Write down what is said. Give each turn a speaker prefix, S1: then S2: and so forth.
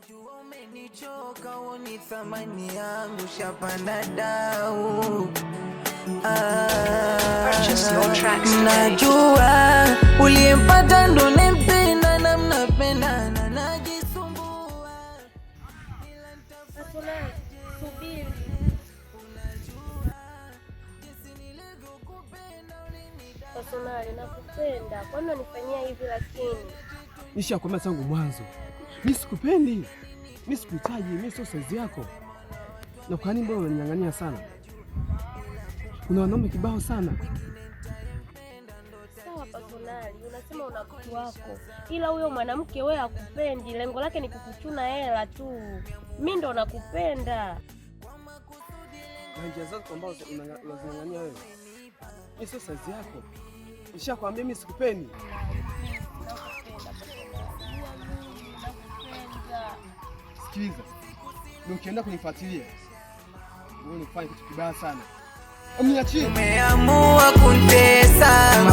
S1: Najua umenichoka uni thamani yangu shapanda dau. Najua ulimpata ndo nempenda na mnapenda na Nakupenda, kwani unanifanyia hivi lakini?
S2: Nishakwambia tangu mwanzo mi sikupendi, mi sikuhitaji, mi sio saizi yako. Na kwa nini mbona unanyang'ania sana? Kuna wanaume kibao sana.
S1: Sawa Pasonali, unasema una mtu wako, ila huyo mwanamke wewe akupendi lengo lake ni kukuchuna hela tu. Mi ndo nakupenda
S2: na njia zako ambazo unazinang'ania wewe, mi sio saizi yako. Nishakwambia mi sikupendi. kunisikiliza ndio ukienda kunifuatilia wewe unafanya kitu kibaya sana. Umeamua kunitesa.